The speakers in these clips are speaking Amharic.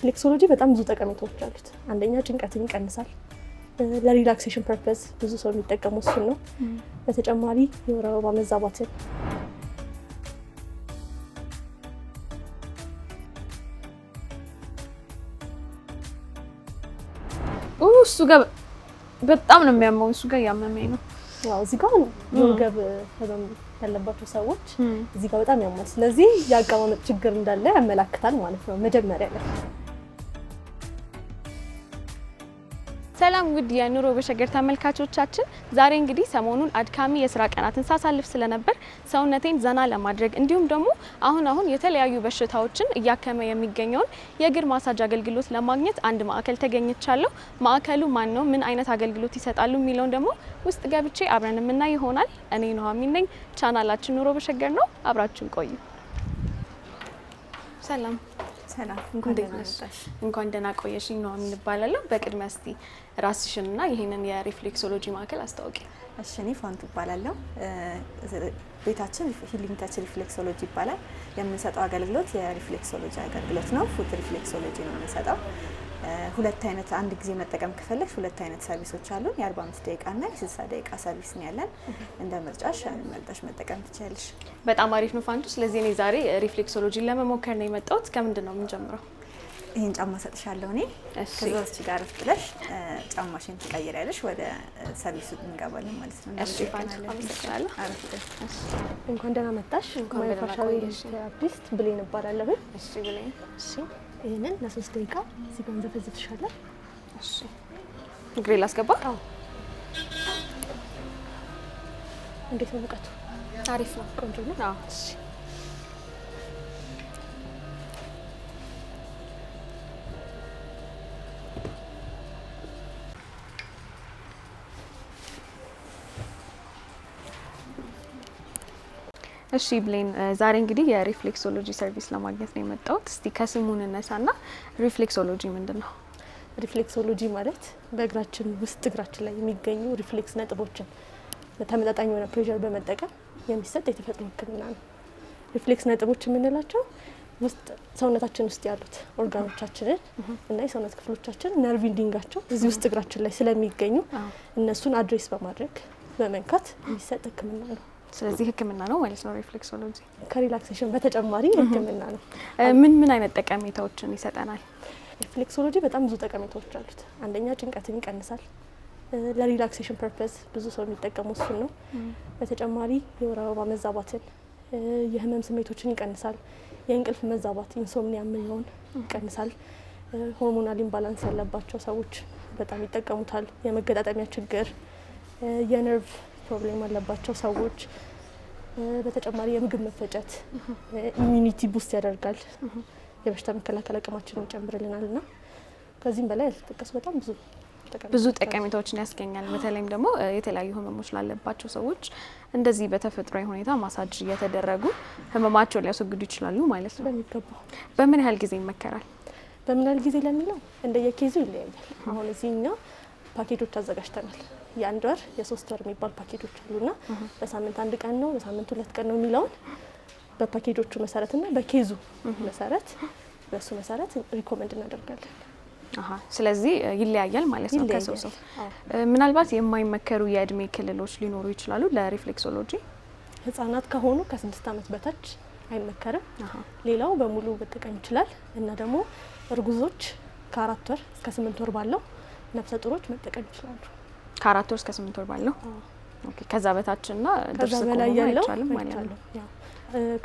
ፍሌክሶሎጂ በጣም ብዙ ጠቀሜታዎች አሉት። አንደኛ ጭንቀትን ይቀንሳል። ለሪላክሴሽን ፐርፐዝ ብዙ ሰው የሚጠቀሙ እሱን ነው። በተጨማሪ የወር አበባ መዛባትን እሱ ጋር በጣም ነው የሚያመው። እሱ ጋር እያመመኝ ነው። ያው እዚህ ጋር የወገብ ህመም ያለባቸው ሰዎች እዚህ ጋር በጣም ያማል። ስለዚህ የአቀማመጥ ችግር እንዳለ ያመላክታል ማለት ነው መጀመሪያ ላይ ሰላም ውድ የኑሮ በሸገር ተመልካቾቻችን፣ ዛሬ እንግዲህ ሰሞኑን አድካሚ የስራ ቀናትን ሳሳልፍ ስለነበር ሰውነቴን ዘና ለማድረግ እንዲሁም ደግሞ አሁን አሁን የተለያዩ በሽታዎችን እያከመ የሚገኘውን የእግር ማሳጅ አገልግሎት ለማግኘት አንድ ማዕከል ተገኝቻለሁ። ማዕከሉ ማን ነው፣ ምን አይነት አገልግሎት ይሰጣሉ የሚለውን ደግሞ ውስጥ ገብቼ አብረን የምናይ ይሆናል። እኔ ነዋሚ ነኝ። ቻናላችን ኑሮ በሸገር ነው። አብራችን ቆዩ። ሰላም ሰላም፣ እንኳን ደህና ቆየሽ። ነዋሚ እባላለሁ። በቅድሚያ እስቲ ራስሽንና ይህንን የሪፍሌክሶሎጂ ማዕከል አስታውቂ። እሺ፣ እኔ ፋንቱ እባላለሁ። ቤታችን ሂሊንግ ሪፍሌክሶሎጂ ይባላል። የምንሰጠው አገልግሎት የሪፍሌክሶሎጂ አገልግሎት ነው። ፉት ሪፍሌክሶሎጂ ነው የምንሰጠው። ሁለት አይነት አንድ ጊዜ መጠቀም ከፈለግሽ ሁለት አይነት ሰርቪሶች አሉን። የ45 ደቂቃ እና የ60 ደቂቃ ሰርቪስ ነው ያለን። እንደ ምርጫሽ መልጠሽ መጠቀም ትችላለሽ። በጣም አሪፍ ነው ፋንቱ። ስለዚህ እኔ ዛሬ ሪፍሌክሶሎጂን ለመሞከር ነው የመጣሁት። ከምንድን ነው የምንጀምረው? ይህን ጫማ ሰጥሻለሁ እኔ ከዛች ጋር ብለሽ ጫማሽን ትቀይሪያለሽ። ወደ ሰርቪሱ እንገባለን ማለት ነው። እንኳን ደህና መጣሽ። አርቲስት ብሌን እባላለሁ። ይህንን ለሶስት ደቂቃ እዚህ ጋር እንዘፈዝፍሻለን። እግሬ ላስገባ። እንዴት ነው ሙቀቱ? አሪፍ ነው። ቆንጆ ነው። እሺ ብሌን፣ ዛሬ እንግዲህ የሪፍሌክሶሎጂ ሰርቪስ ለማግኘት ነው የመጣሁት። እስቲ ከስሙ እነሳና ሪፍሌክሶሎጂ ምንድን ነው? ሪፍሌክሶሎጂ ማለት በእግራችን ውስጥ እግራችን ላይ የሚገኙ ሪፍሌክስ ነጥቦችን ተመጣጣኝ የሆነ ፕሬዠር በመጠቀም የሚሰጥ የተፈጥሮ ሕክምና ነው። ሪፍሌክስ ነጥቦች የምንላቸው ውስጥ ሰውነታችን ውስጥ ያሉት ኦርጋኖቻችንን እና የሰውነት ክፍሎቻችን ነርቭ ኢንዲንጋቸው እዚህ ውስጥ እግራችን ላይ ስለሚገኙ እነሱን አድሬስ በማድረግ በመንካት የሚሰጥ ሕክምና ነው። ስለዚህ ህክምና ነው ማለት ነው ሪፍሌክሶሎጂ። ከሪላክሴሽን በተጨማሪ ህክምና ነው። ምን ምን አይነት ጠቀሜታዎችን ይሰጠናል? ሪፍሌክሶሎጂ በጣም ብዙ ጠቀሜታዎች አሉት። አንደኛ ጭንቀትን ይቀንሳል። ለሪላክሴሽን ፐርፐዝ ብዙ ሰው የሚጠቀሙ እሱን ነው። በተጨማሪ የወር አበባ መዛባትን፣ የህመም ስሜቶችን ይቀንሳል። የእንቅልፍ መዛባት ኢንሶምኒያ የምንለውን ይቀንሳል። ሆርሞናል ኢምባላንስ ያለባቸው ሰዎች በጣም ይጠቀሙታል። የመገጣጠሚያ ችግር፣ የነርቭ ፕሮብሌም አለባቸው ሰዎች። በተጨማሪ የምግብ መፈጨት ኢሚኒቲ ቡስት ያደርጋል፣ የበሽታ መከላከል አቅማችንን ይጨምርልናል እና ከዚህም በላይ ያልተጠቀሱ በጣም ብዙ ብዙ ጠቀሜታዎችን ያስገኛል። በተለይም ደግሞ የተለያዩ ህመሞች ላለባቸው ሰዎች እንደዚህ በተፈጥሯዊ ሁኔታ ማሳጅ እየተደረጉ ህመማቸውን ሊያስወግዱ ይችላሉ ማለት ነው። በሚገባ በምን ያህል ጊዜ ይመከራል? በምን ያህል ጊዜ ለሚለው እንደየኬዙ ይለያያል። አሁን እዚህ እኛ ፓኬጆች አዘጋጅተናል። የአንድ ወር የሶስት ወር የሚባል ፓኬጆች አሉና በሳምንት አንድ ቀን ነው በሳምንት ሁለት ቀን ነው የሚለውን በፓኬጆቹ መሰረትና በኬዙ መሰረት በእሱ መሰረት ሪኮመንድ እናደርጋለን። ስለዚህ ይለያያል ማለት ነው ከሰው ሰው። ምናልባት የማይመከሩ የእድሜ ክልሎች ሊኖሩ ይችላሉ ለሪፍሌክሶሎጂ ህጻናት ከሆኑ ከስድስት ዓመት በታች አይመከርም። ሌላው በሙሉ መጠቀም ይችላል እና ደግሞ እርጉዞች ከአራት ወር እስከ ስምንት ወር ባለው ነፍሰ ጡሮች መጠቀም ይችላሉ። ከአራት ወር እስከ ስምንት ወር ባለው ከዛ በታች ና ከዛ በላይ ያለው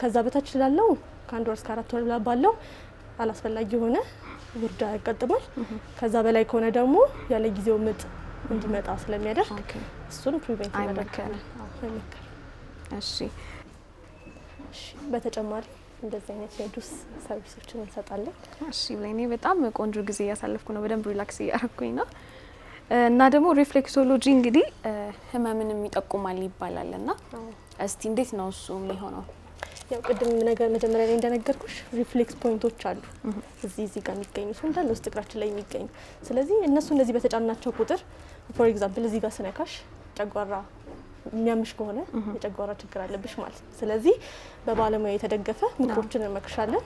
ከዛ በታች ላለው ከአንድ ወር እስከ አራት ወር ባለው አላስፈላጊ የሆነ ውርዳ ያጋጥማል። ከዛ በላይ ከሆነ ደግሞ ያለ ጊዜው ምጥ እንዲመጣ ስለሚያደርግ እሱን ፕሪቬንት አይመከርም። እሺ በተጨማሪ እንደዚህ አይነት የጁስ ሰርቪሶችን እንሰጣለን። እሺ ብላይ እኔ በጣም ቆንጆ ጊዜ እያሳለፍኩ ነው። በደንብ ሪላክስ እያረኩኝ ነው። እና ደግሞ ሪፍሌክሶሎጂ እንግዲህ ህመምንም ይጠቁማል ይባላል እና እስቲ እንዴት ነው እሱ የሚሆነው? ያው ቅድም ነገር መጀመሪያ ላይ እንደነገርኩሽ ሪፍሌክስ ፖይንቶች አሉ እዚህ እዚህ ጋር የሚገኙ ሰው እንዳለ ውስጥ እግራችን ላይ የሚገኙ ስለዚህ እነሱ እነዚህ በተጫናቸው ቁጥር ፎር ኤግዛምፕል እዚህ ጋር ስነካሽ ጨጓራ የሚያምሽ ከሆነ የጨጓራ ችግር አለብሽ ማለት ነው። ስለዚህ በባለሙያ የተደገፈ ምክሮችን እንመክርሻለን፣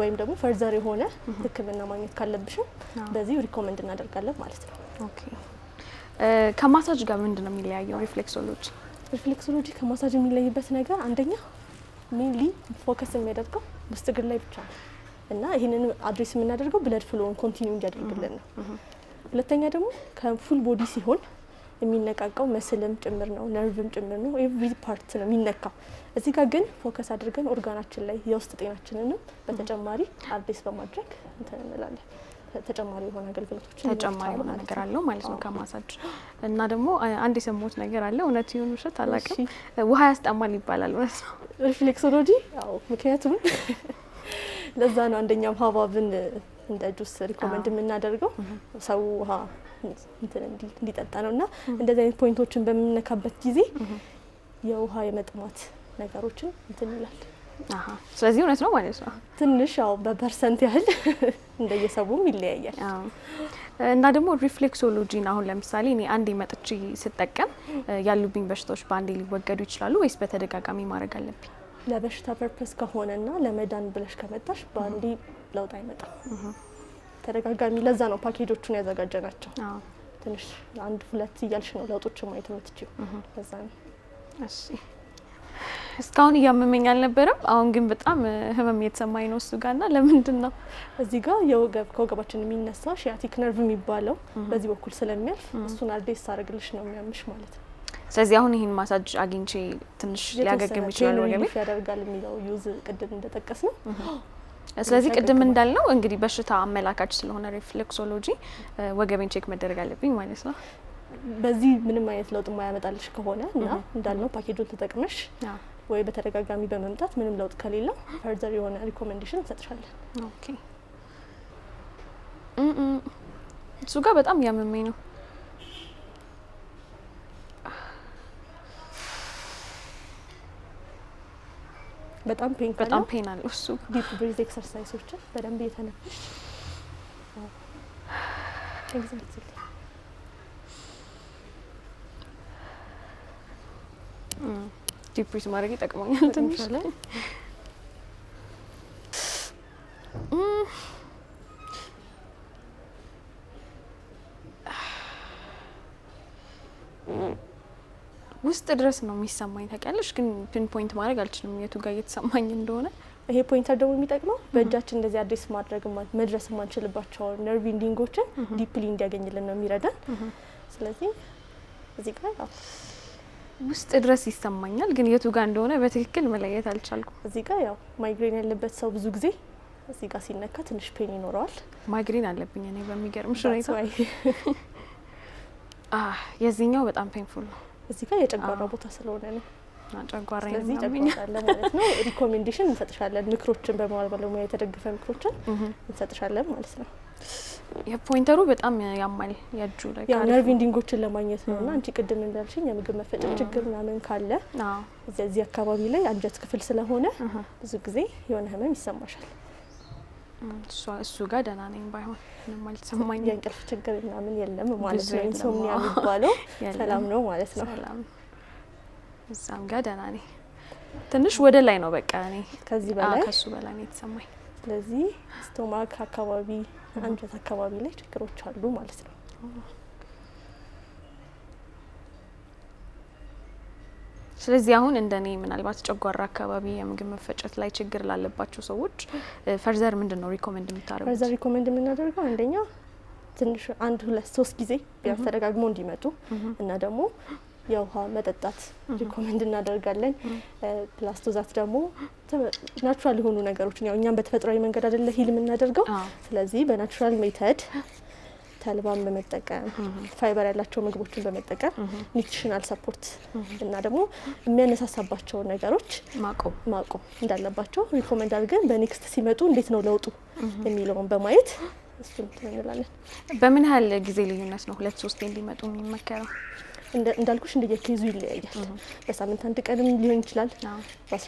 ወይም ደግሞ ፈርዘር የሆነ ሕክምና ማግኘት ካለብሽም በዚህ ሪኮመንድ እናደርጋለን ማለት ነው። ኦኬ ከማሳጅ ጋር ምንድን ነው የሚለያየው ሪፍሌክሶሎጂ? ሪፍሌክሶሎጂ ከማሳጅ የሚለይበት ነገር አንደኛ ሜንሊ ፎከስ የሚያደርገው ውስጥ እግር ላይ ብቻ ነው እና ይህንን አድሬስ የምናደርገው ብለድ ፍሎውን ኮንቲኒው እንዲያደርግልን ነው። ሁለተኛ ደግሞ ከፉል ቦዲ ሲሆን የሚነቃቀው መስልም ጭምር ነው፣ ነርቭም ጭምር ነው። ኤቭሪ ፓርት ነው የሚነካው። እዚህ ጋር ግን ፎከስ አድርገን ኦርጋናችን ላይ የውስጥ ጤናችንንም በተጨማሪ አርቤስ በማድረግ እንትን እንላለን። ተጨማሪ የሆነ አገልግሎቶች ተጨማሪ የሆነ ነገር አለው ማለት ነው ከማሳጅ እና ደግሞ አንድ የሰማሁት ነገር አለ። እውነት ይሁን ውሸት አላውቅም። ውሃ ያስጠማል ይባላል። እውነት ነው ሪፍሌክሶሎጂ? ምክንያቱም ለዛ ነው አንደኛው ሀባብን እንደ ጁስ ሪኮመንድ የምናደርገው ሰው ውሃ እንዲጠጣ ነው። እና እንደዚህ አይነት ፖይንቶችን በምንነካበት ጊዜ የውሃ የመጥማት ነገሮችን እንትን ይላል። ስለዚህ እውነት ነው ማለት ነው። ትንሽ ያው በፐርሰንት ያህል እንደየሰቡም ይለያያል። እና ደግሞ ሪፍሌክሶሎጂን አሁን ለምሳሌ እኔ አንዴ መጥቼ ስጠቀም ያሉብኝ በሽታዎች በአንዴ ሊወገዱ ይችላሉ ወይስ በተደጋጋሚ ማድረግ አለብኝ? ለበሽታ ፐርፐስ ከሆነና ለመዳን ብለሽ ከመጣሽ በአንዴ ለውጥ አይመጣም። ተደጋጋሚ ለዛ ነው ፓኬጆቹን ያዘጋጀ ናቸው። ትንሽ አንድ ሁለት እያልሽ ነው ለውጦችን ማየት የምትችይው። ለዛ ነው እስካሁን እያመመኝ አልነበረም። አሁን ግን በጣም ህመም የተሰማኝ ነው። እሱ ና ለምንድን ነው እዚህ ጋር የወገብ ከወገባችን የሚነሳ ሺያቲክ ነርቭ የሚባለው በዚህ በኩል ስለሚያልፍ እሱን አርዴስ አረግልሽ ነው የሚያምሽ ማለት ነው። ስለዚህ አሁን ይህን ማሳጅ አግኝቼ ትንሽ ሊያገግም ይችላል ወገቤ ያደርጋል የሚለው ዩዝ ቅድም እንደጠቀስ ነው። ስለዚህ ቅድም እንዳልነው እንግዲህ በሽታ አመላካች ስለሆነ ሪፍሌክሶሎጂ ወገቤን ቼክ መደረግ አለብኝ ማለት ነው። በዚህ ምንም አይነት ለውጥ የማያመጣልሽ ከሆነ እና እንዳልነው ፓኬጁን ተጠቅመሽ ወይ በተደጋጋሚ በመምጣት ምንም ለውጥ ከሌለው ፈርዘር የሆነ ሪኮሜንዴሽን እንሰጥሻለን። እሱ ጋር በጣም ያመመኝ ነው በጣም ፔን በጣም ፔን አለው እሱ። ዲፕ ብሪዝ ኤክሰርሳይሶችን በደንብ እየተነፈሽ ኤግዛክትሊ ዲፕ ብሪዝ ማድረግ ይጠቅመኛል ትንሽ ላይ ውስጥ ድረስ ነው የሚሰማኝ ታውቂያለሽ። ግን ፒን ፖይንት ማድረግ አልችልም የቱ ጋር እየተሰማኝ እንደሆነ። ይሄ ፖይንተር ደግሞ የሚጠቅመው በእጃችን እንደዚህ አድሬስ ማድረግ መድረስ የማንችልባቸውን ነርቭ ኢንዲንጎችን ዲፕሊ እንዲያገኝልን ነው የሚረዳን። ስለዚህ እዚህ ጋር ውስጥ ድረስ ይሰማኛል፣ ግን የቱ ጋር እንደሆነ በትክክል መለየት አልቻልኩም። እዚህ ጋር ያው ማይግሬን ያለበት ሰው ብዙ ጊዜ እዚህ ጋር ሲነካ ትንሽ ፔን ይኖረዋል። ማይግሬን አለብኝ እኔ በሚገርምሽ ሁኔታ። የዚህኛው በጣም ፔንፉል ነው። እዚህ ጋር የጨጓራ ቦታ ስለሆነ ነው። ጨጓራ ማለት ነው። ሪኮሜንዴሽን እንሰጥሻለን፣ ምክሮችን በመዋል ባለሙያ የተደገፈ ምክሮችን እንሰጥሻለን ማለት ነው። የፖይንተሩ በጣም ያማል የእጁ ነርቭ ኢንዲንጎችን ለማግኘት ነው እና አንቺ ቅድም እንዳልሽኝ የምግብ መፈጨት ችግር ምናምን ካለ እዚህ አካባቢ ላይ አንጀት ክፍል ስለሆነ ብዙ ጊዜ የሆነ ህመም ይሰማሻል። እሱ ጋር ደህና ነኝ። ባይሆን ምንም አልተሰማኝም። የእንቅልፍ ችግር ምናምን የለም ማለት ነው። ኢንሶምኒያ የሚባለው ሰላም ነው ማለት ነው። እዛም ጋር ደህና ነኝ። ትንሽ ወደ ላይ ነው በቃ እኔ ከዚህ በላይ ከሱ በላይ ነው የተሰማኝ። ስለዚህ ስቶማክ አካባቢ አንጀት አካባቢ ላይ ችግሮች አሉ ማለት ነው። ስለዚህ አሁን እንደኔ ምናልባት ጨጓራ አካባቢ የምግብ መፈጨት ላይ ችግር ላለባቸው ሰዎች ፈርዘር ምንድን ነው ሪኮመንድ የምታደርጉት? ፈርዘር ሪኮመንድ የምናደርገው አንደኛ ትንሽ አንድ ሁለት ሶስት ጊዜ ቢያንስ ተደጋግሞ እንዲመጡ እና ደግሞ የውሃ መጠጣት ሪኮመንድ እናደርጋለን። ፕላስቶዛት ደግሞ ናቹራል የሆኑ ነገሮችን ያው እኛም በተፈጥሯዊ መንገድ አይደለ ሂል የምናደርገው። ስለዚህ በናቹራል ሜተድ ተልባን በመጠቀም ፋይበር ያላቸው ምግቦችን በመጠቀም ኒትሪሽናል ሰፖርት እና ደግሞ የሚያነሳሳባቸውን ነገሮች ማቆም እንዳለባቸው ሪኮመንድ አድርገን በኔክስት ሲመጡ እንዴት ነው ለውጡ የሚለውን በማየት እሱን እንላለን። በምን ያህል ጊዜ ልዩነት ነው ሁለት ሶስት እንዲመጡ የሚመከረው? እንዳልኩሽ እንደየኬዙ ይለያያል። በሳምንት አንድ ቀንም ሊሆን ይችላል፣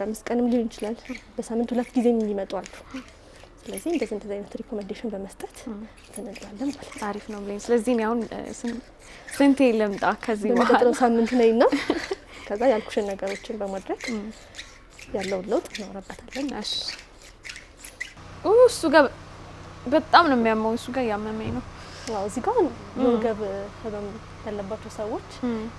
አምስት ቀንም ሊሆን ይችላል። በሳምንት ሁለት ጊዜም የሚመጡ አሉ። ስለዚህ እንደዚህ እንደዚህ አይነት ሪኮመንዴሽን በመስጠት ትነግዳለን ማለት ነው። አሪፍ ነው ብለኝ። ስለዚህ እኔ አሁን ስንቴ ልምጣ ከዚህ በኋላ ሳምንት ነኝ እና ከዛ ያልኩሽን ነገሮችን በማድረግ ያለውን ለውጥ እናወራበታለን። እሱ ጋር በጣም ነው የሚያመው። እሱ ጋር እያመመኝ ነው ያው እዚህ ጋር የወገብ ህመም ያለባቸው ሰዎች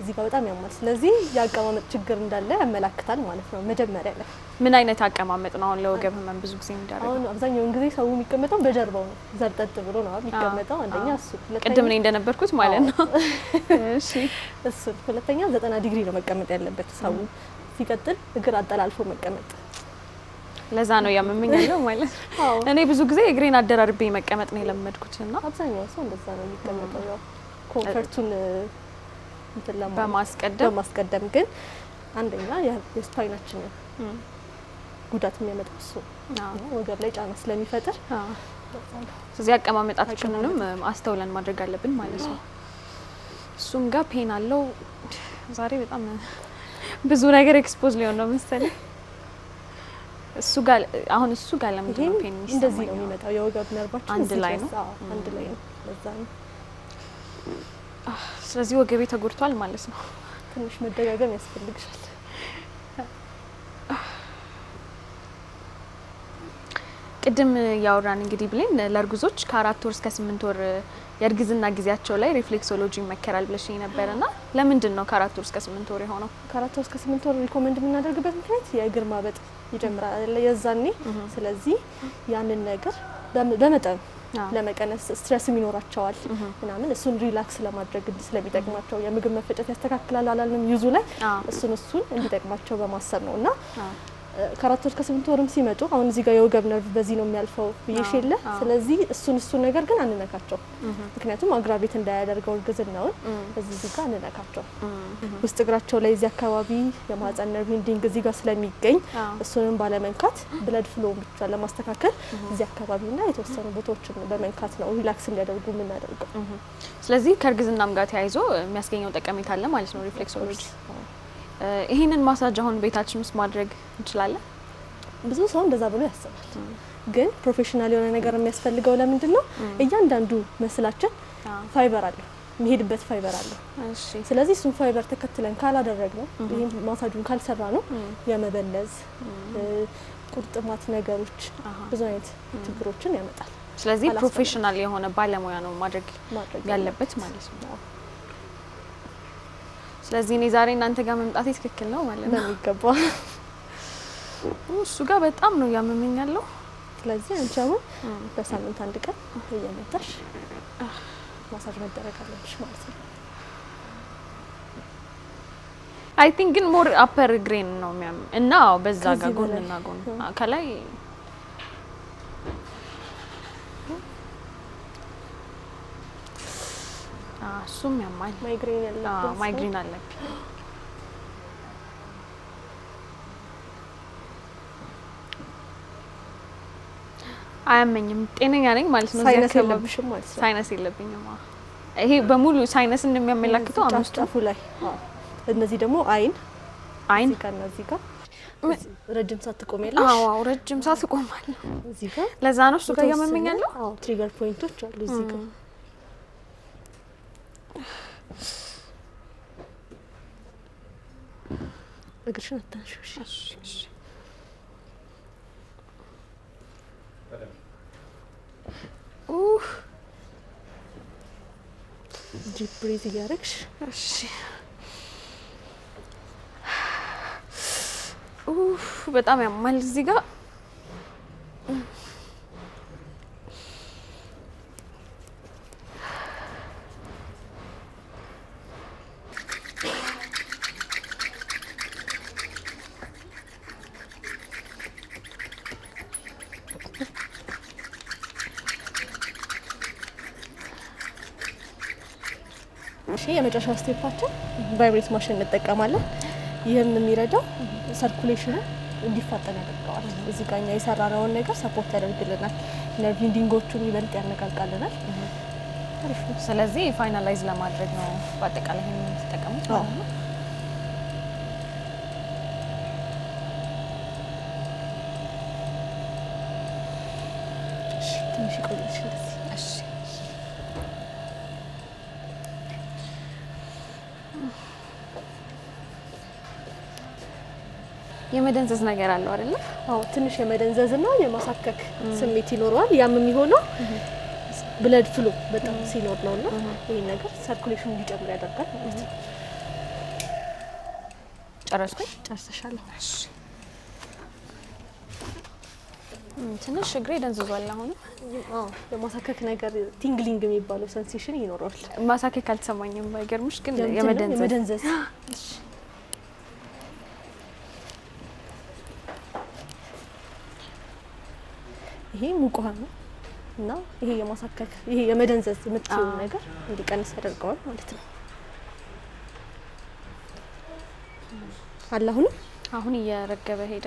እዚህ ጋር በጣም ያማል። ስለዚህ የአቀማመጥ ችግር እንዳለ ያመላክታል ማለት ነው። መጀመሪያ ላይ ምን አይነት አቀማመጥ ነው አሁን ለወገብ ህመም ብዙ ጊዜ የሚዳረገው? አሁን አብዛኛውን ጊዜ ሰው የሚቀመጠው በጀርባው ነው፣ ዘርጠጥ ብሎ ነው የሚቀመጠው። አንደኛ እሱ ቅድም እኔ እንደነበርኩት ማለት ነው። እሺ እሱ ሁለተኛ፣ ዘጠና ዲግሪ ነው መቀመጥ ያለበት ሰው። ሲቀጥል እግር አጠላልፎ መቀመጥ ለዛ ነው ያመመኝ ያለው ማለት እኔ ብዙ ጊዜ እግሬን አደራርቤ መቀመጥ ነው የለመድኩት እና አብዛኛው ሰው እንደዛ ነው የሚቀመጠው ያው ኮንፈርቱን በማስቀደም በማስቀደም ግን አንደኛ የስፓይናችንን ጉዳት የሚያመጣ እሱ ወገብ ላይ ጫና ስለሚፈጥር ስለዚህ አቀማመጣችንንም አስተውለን ማድረግ አለብን ማለት ነው። እሱም ጋር ፔን አለው። ዛሬ በጣም ብዙ ነገር ኤክስፖዝ ሊሆን ነው መሰለኝ። እሱ ጋር አሁን እሱ ጋር ለምንድን ነው ፔን እንደዚህ ነው የሚመጣው? የወገብ ነርባችን አንድ ላይ ነው አንድ ላይ ነው። ለዛ ነው ስለዚህ ወገቤ ተጎድቷል ማለት ነው። ትንሽ መደጋገም ያስፈልግሻል። ቅድም ያወራን እንግዲህ ብሌን ለእርጉዞች ከአራት ወር እስከ ስምንት ወር የእርግዝና ጊዜያቸው ላይ ሪፍሌክሶሎጂ ይመከራል ብለሽኝ ነበር ና ለምንድን ነው ከአራት ወር እስከ ስምንት ወር የሆነው? ከአራት ወር እስከ ስምንት ወር ሪኮመንድ የምናደርግበት ምክንያት የእግር ማበጥ ይጀምራል የዛኔ። ስለዚህ ያንን ነገር በመጠን ለመቀነስ ስትረስም ይኖራቸዋል ምናምን እሱን ሪላክስ ለማድረግ ስለሚጠቅማቸው የምግብ መፈጨት ያስተካክላል አላልንም? ይዙ ላይ እሱን እሱን እንዲጠቅማቸው በማሰብ ነው እና ከአራት ወር ከስምንት ወርም ሲመጡ አሁን እዚህ ጋር የወገብ ነርቭ በዚህ ነው የሚያልፈው ብዬሽ የለ። ስለዚህ እሱን እሱን ነገር ግን አንነካቸው፣ ምክንያቱም አግራቤት እንዳያደርገው እርግዝናውን እዚህ እዚህ ጋር አንነካቸው። ውስጥ እግራቸው ላይ እዚህ አካባቢ የማህፀን ነርቭ ኢንዲንግ እዚህ ጋር ስለሚገኝ እሱንም ባለመንካት ብለድ ፍሎውን ብቻ ለማስተካከል እዚህ አካባቢና የተወሰኑ ቦታዎችን በመንካት ነው ሪላክስ እንዲያደርጉ የምናደርገው። ስለዚህ ከእርግዝናም ጋር ተያይዞ የሚያስገኘው ጠቀሜታ አለ ማለት ነው ሪፍሌክሶሎጂ ይህንን ማሳጅ አሁን ቤታችን ውስጥ ማድረግ እንችላለን? ብዙ ሰው እንደዛ ብሎ ያስባል። ግን ፕሮፌሽናል የሆነ ነገር የሚያስፈልገው ለምንድን ነው? እያንዳንዱ መስላችን ፋይበር አለው የሚሄድበት ፋይበር አለው። ስለዚህ እሱን ፋይበር ተከትለን ካላደረግ ነው ይህም ማሳጁን ካልሰራ ነው የመበለዝ ቁርጥማት ነገሮች ብዙ አይነት ችግሮችን ያመጣል። ስለዚህ ፕሮፌሽናል የሆነ ባለሙያ ነው ማድረግ ያለበት ማለት ነው። ስለዚህ እኔ ዛሬ እናንተ ጋር መምጣት ትክክል ነው ማለት ነው የሚገባ እሱ ጋር በጣም ነው እያመመኝ ያለው። ስለዚህ አንቺ አሁን በሳምንት አንድ ቀን እየመጣሽ ማሳጅ መደረግ አለብሽ ማለት ነው። አይ ቲንክ ግን ሞር አፐር ግሬን ነው የሚያም እና በዛ ጋር ጎንና ጎን ከላይ እሱም ያማል። ማይግሬን ያለብኝ ማይግሬን አለብኝ። አያመኝም፣ ጤነኛ ነኝ ማለት ነው። ሳይነስ የለብሽም ማለት ነው። ሳይነስ የለብኝም። ይሄ በሙሉ ሳይነስ እንደሚያመላክተው አምስቱ ላይ እነዚህ ደግሞ አይን አይን ከነዚህ ጋር ረጅም ሰዓት ትቆሚያለሽ? አዎ ረጅም ሰዓት እቆማለሁ። እዚህ ጋር ለዛ ነው እሱ ጋር ያመመኛለሁ። አዎ ትሪገር ፖይንቶች አሉ እዚህ ጋር እግርሽን አታንሽሽ። ዲፕ ብሬዝ እያደረግሽ በጣም ያማል እዚህ ጋር የመጨረሻ ስቴፓችን ቫይብሬት ማሽን እንጠቀማለን። ይህም የሚረዳው ሰርኩሌሽኑ እንዲፋጠን ያደርገዋል። እዚህ ጋኛ እኛ የሰራነውን ነገር ሰፖርት ያደርግልናል። ነርቭ ኢንዲንጎቹን ይበልጥ ያነቃቃልናል። ስለዚህ ፋይናላይዝ ለማድረግ ነው በአጠቃላይ የምትጠቀሙት ማለት ነው። ትንሽ የመደንዘዝ ነገር አለው አይደለ? አዎ ትንሽ የመደንዘዝና የማሳከክ ስሜት ይኖረዋል። ያም የሚሆነው ብለድ ፍሎ በጣም ሲኖር ነው እና ይህ ነገር ሰርኩሌሽን እንዲጨምር ያደርጋል ማለት ነው። ጨረስኩኝ? ጨርሰሻለሁ። ትንሽ እግሬ ደንዝዟል። አሁን የማሳከክ ነገር ቲንግሊንግ የሚባለው ሴንሴሽን ይኖረዋል። ማሳከክ አልተሰማኝም። ባይገርምሽ ግን የመደንዘዝ ይሄ ሙቅ ውሃ ነው እና ይሄ የማሳከክ ይሄ የመደንዘዝ የምትሉ ነገር እንዲቀንስ ያደርገዋል ማለት ነው። አለ አሁንም አሁን እየረገበ ሄደ።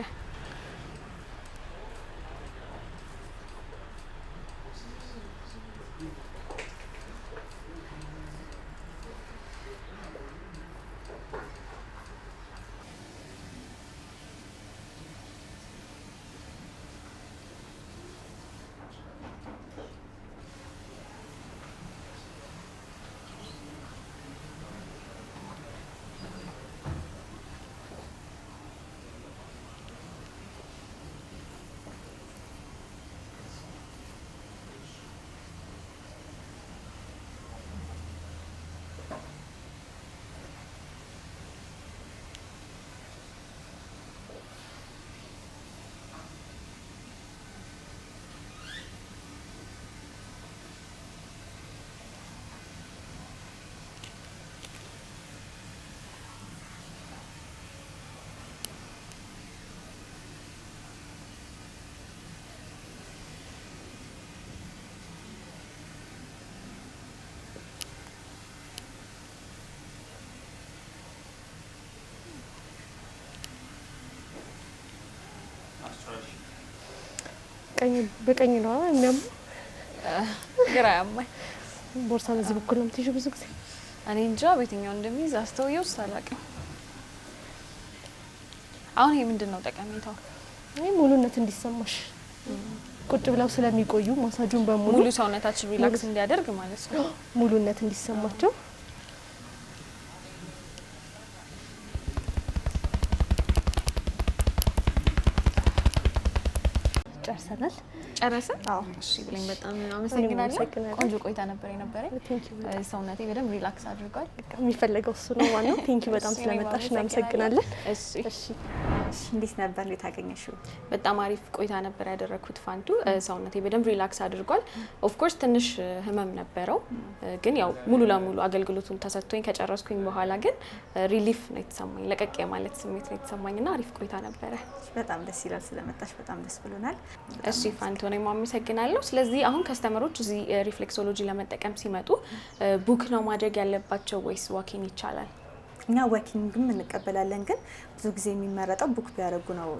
በቀኝ ነው የሚያሙ ግራ ያማኝ። ቦርሳ በዚህ በኩል ነው የምትይዥው ብዙ ጊዜ? እኔ እንጃ በየትኛው እንደሚይዝ አስተውየው አላውቅም። አሁን ይሄ ምንድን ነው ጠቀሜታው? ይህ ሙሉነት እንዲሰማሽ ቁጭ ብለው ስለሚቆዩ ማሳጁን በሙሉ ሙሉ ሰውነታችን ሪላክስ እንዲያደርግ ማለት ነው። ሙሉነት እንዲሰማቸው ይባላል። ጨረሰ እሺ ብለኝ በጣም አመሰግናለሁ። ቆንጆ ቆይታ ነበር የነበረኝ። ሰውነቴ በደንብ ሪላክስ አድርጓል። የሚፈለገው እሱ ነው ዋናው። ቴንኪው በጣም ስለመጣሽ እናመሰግናለን። እሺ እንዴት ነበር? እንዴት በጣም አሪፍ ቆይታ ነበር ያደረግኩት። ፋንቱ ሰውነቴ በደንብ ሪላክስ አድርጓል። ኦፍኮርስ ትንሽ ህመም ነበረው፣ ግን ያው ሙሉ ለሙሉ አገልግሎቱን ተሰጥቶኝ ከጨረስኩኝ በኋላ ግን ሪሊፍ ነው የተሰማኝ፣ ለቀቅ የማለት ስሜት ነው የተሰማኝ እና አሪፍ ቆይታ ነበረ። በጣም ደስ ይላል። ስለመጣሽ በጣም ደስ ብሎናል። እሺ ፋንቱ፣ እኔም አመሰግናለሁ። ስለዚህ አሁን ከስተመሮች እዚህ ሪፍሌክሶሎጂ ለመጠቀም ሲመጡ ቡክ ነው ማድረግ ያለባቸው ወይስ ዋኪን ይቻላል? እኛ ወኪንግም እንቀበላለን፣ ግን ብዙ ጊዜ የሚመረጠው ቡክ ቢያደርጉ ነው።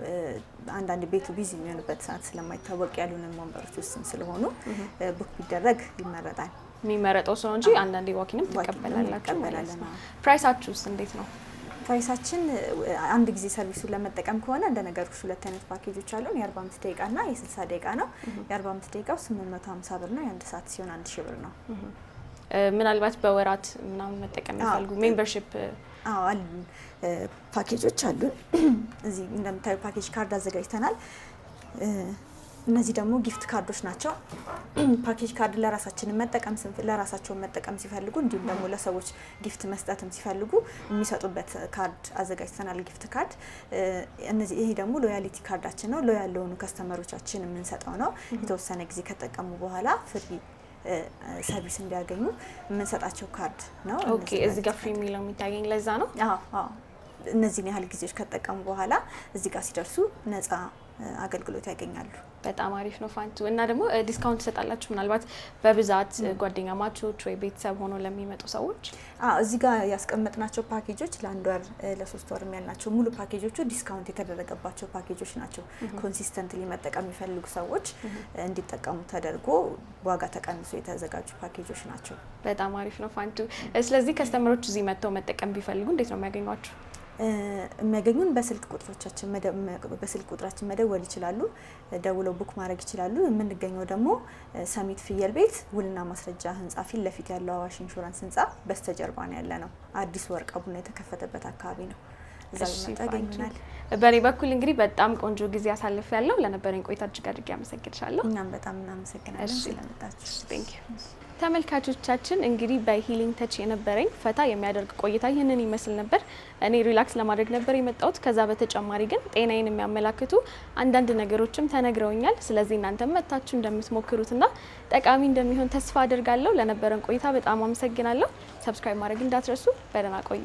አንዳንድ ቤቱ ቢዚ የሚሆንበት ሰዓት ስለማይታወቅ ያሉንን ወንበሮች ውስን ስለሆኑ ቡክ ቢደረግ ይመረጣል። የሚመረጠው ሰው እንጂ አንዳንዴ ዋኪንም ትቀበላላችሁ። ፕራይሳችሁ ውስጥ እንዴት ነው? ፕራይሳችን አንድ ጊዜ ሰርቪሱን ለመጠቀም ከሆነ እንደ ነገርኩሽ ሁለት አይነት ፓኬጆች አሉን። የ45 ደቂቃ ና የ60 ደቂቃ ነው። የ45 ደቂቃው 850 ብር ነው። የአንድ ሰዓት ሲሆን አንድ ሺ ብር ነው። ምናልባት በወራት ምናምን መጠቀም ይፈልጉ ሜምበርሽፕ አሉ ፓኬጆች አሉን። እዚህ እንደምታዩ ፓኬጅ ካርድ አዘጋጅተናል። እነዚህ ደግሞ ጊፍት ካርዶች ናቸው። ፓኬጅ ካርድ ለራሳችን መጠቀም ለራሳቸውን መጠቀም ሲፈልጉ እንዲሁም ደግሞ ለሰዎች ጊፍት መስጠትም ሲፈልጉ የሚሰጡበት ካርድ አዘጋጅተናል። ጊፍት ካርድ እነዚህ ይሄ ደግሞ ሎያሊቲ ካርዳችን ነው። ሎያል ለሆኑ ከስተመሮቻችን የምንሰጠው ነው። የተወሰነ ጊዜ ከጠቀሙ በኋላ ፍሪ ሰርቪስ እንዲያገኙ የምንሰጣቸው ካርድ ነው። ኦኬ እዚህ ጋር ፍሪ የሚለው የሚታገኝ ለዛ ነው። እነዚህን ያህል ጊዜዎች ከተጠቀሙ በኋላ እዚህ ጋር ሲደርሱ ነጻ አገልግሎት ያገኛሉ። በጣም አሪፍ ነው ፋንቱ። እና ደግሞ ዲስካውንት ትሰጣላችሁ? ምናልባት በብዛት ጓደኛ ማቾች ወይ ቤተሰብ ሆኖ ለሚመጡ ሰዎች እዚህ ጋር ያስቀመጥናቸው ፓኬጆች ለአንድ ወር ለሶስት ወር ያልናቸው ሙሉ ፓኬጆቹ ዲስካውንት የተደረገባቸው ፓኬጆች ናቸው። ኮንሲስተንት መጠቀም የሚፈልጉ ሰዎች እንዲጠቀሙ ተደርጎ ዋጋ ተቀንሶ የተዘጋጁ ፓኬጆች ናቸው። በጣም አሪፍ ነው ፋንቱ። ስለዚህ ከስተመሮች እዚህ መጥተው መጠቀም ቢፈልጉ እንዴት ነው የሚያገኟቸው? የሚያገኙን በስልክ ቁጥሮቻችን በስልክ ቁጥራችን መደወል ይችላሉ። ደውለው ቡክ ማድረግ ይችላሉ። የምንገኘው ደግሞ ሰሚት ፍየል ቤት ውልና ማስረጃ ህንጻ ፊት ለፊት ያለው አዋሽ ኢንሹራንስ ህንጻ በስተጀርባ ነው ያለ ነው። አዲሱ ወርቅ ቡና የተከፈተበት አካባቢ ነው። እዛ ያገኙናል። በእኔ በኩል እንግዲህ በጣም ቆንጆ ጊዜ አሳልፍ ያለው ለነበረኝ ቆይታ እጅግ አድርጌ አመሰግንሻለሁ። እናም በጣም እናመሰግናለን ተመልካቾቻችን እንግዲህ በሂሊንግ ተች የነበረኝ ፈታ የሚያደርግ ቆይታ ይህንን ይመስል ነበር። እኔ ሪላክስ ለማድረግ ነበር የመጣሁት። ከዛ በተጨማሪ ግን ጤናዬን የሚያመላክቱ አንዳንድ ነገሮችም ተነግረውኛል። ስለዚህ እናንተም መታችሁ እንደምትሞክሩትና ጠቃሚ እንደሚሆን ተስፋ አድርጋለሁ። ለነበረን ቆይታ በጣም አመሰግናለሁ። ሰብስክራይብ ማድረግ እንዳትረሱ። በደህና ቆዩ።